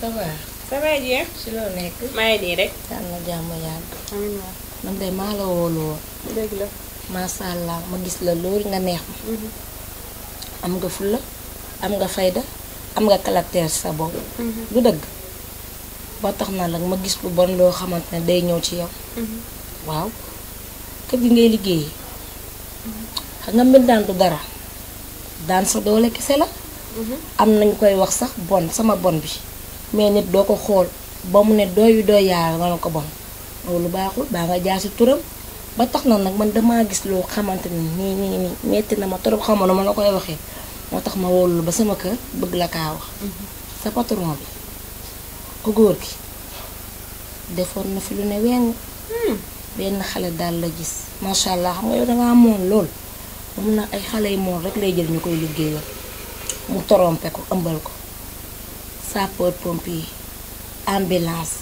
ça va. ça va loo nekk. maa ngi nii rek. yal na jàmm yàgg. man de maa la wóoloo. dëgg ma gis la loolu nga neex ma. Mhm. am nga fulla am nga fayda am nga caractère sa bopp. Mhm. du dëgg ba tax na nag ma gis lu bon loo xamante ne day ñëw ci yow. Mhm. waaw kër gi ngay liggéeyee. xam nga mbir du dara daan sa doole kese la. am nañu koy wax sax bon sama bon bi. mais nit doo ko xool ba mu ne doyu doy yaa nga ko bon loolu baaxul baa nga jaar si turam ba tax na nag man damaa gis loo xamante ni nii nii nii metti na ma trop xaw ma nu ma la koy waxee moo tax ma wóolu ba sama kër bëgg la kaa wax. Mm-hmm. sa patron bi góor gi defoon na fi lu ne wenn hmm. benn xale daal la gis macha allah xam nga yow dangaa moon lool moom na ay xale yi moon rek lay jël ñu koy liggéeyal mu torompe ko ëmbal ko. sapeur pompier ambulance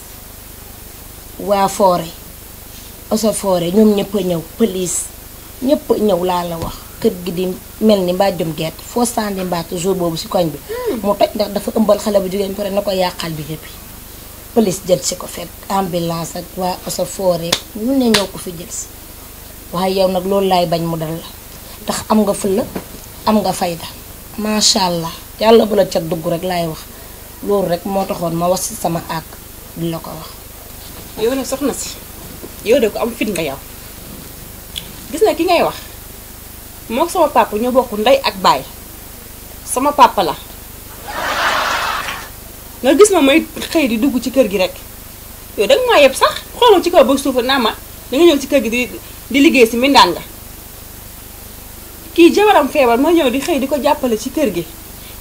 waa foore oso foore ñoom ñëpp a ñëw police ñëpp a ñëw laa la wax kër gi di mel ni mbàjjum gerte foo sànni mbaatu jour boobu si koñ bi hmm. mu toj ndax dafa ëmbal xale bu jigéen pare na ko yàqal bi yëpp police jël si ko fekk ambulance ak waa oso foore ñu ne ñëw ko fi jël si waaye yow nag loolu laay bañ mu dal la ndax am nga fulla am nga fayda macha allah yàlla bu la cat dugg rek laay wax loolu rek mo taxone ma wax sama ak duñ la ko wax. yow nak soxna ci yow de ko am fit nga yow gis na ki ngay wax mook sama papa ñoo bokku nday ak bay sama papa la nga gis ma may xey di dugg ci kër gi rek yow dag ma yeb sax xooloo ci ko ba suufa na ma da nga ñew ci kër gi di di liggéey ci mindan nga ki jabaram febar ma ñew di xey di ko jàppale ci kër gi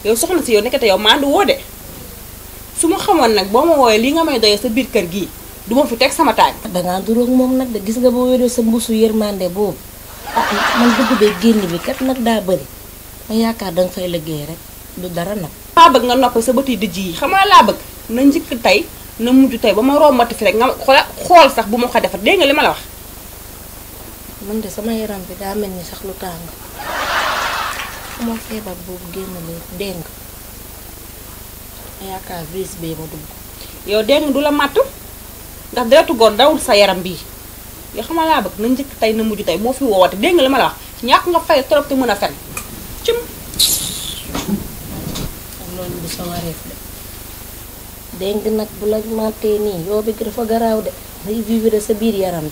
yow soxna ci yow nekata yow mandu wo de xamoon nag boo ma wooyee li nga may doyee sa biir kër gii du ma fi teg sama tànk. dangaa duróog moom nag de gis nga boo wéree sa mbusu yërmande boobu ah man dugg bee génn bi kat nag daa bëri ma yaakaar danga fay liggéey rek du dara nag. maa bëgg nga noppal sa bëti yi dijj yi xam nga laa bëgg na njëkk tey na mujj tey ba ma rombati fi rek nga xool sax bu ma ko defar dégg nga li ma la wax. man de sama yaram bi daa mel ni sax lu tàng. moo feebar boobu génn léegi dégg yaakaar bés bee ma dugg yow dégg du la matt ndax deretu góor dawul sa yaram bi yoo xam laa bëgg na njëkk tey na mujj tey moo fi woote dégg nga li ma a fen cim loolu nag bu la màttee nii yoo bi dafa garaaw de ngay vivre sa biir yaram bi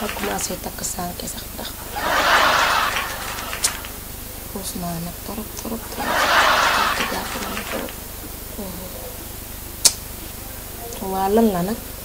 ma commencé takk sànke sax ndax xuus naa nag trop trop trop వాళ్ళని అనకు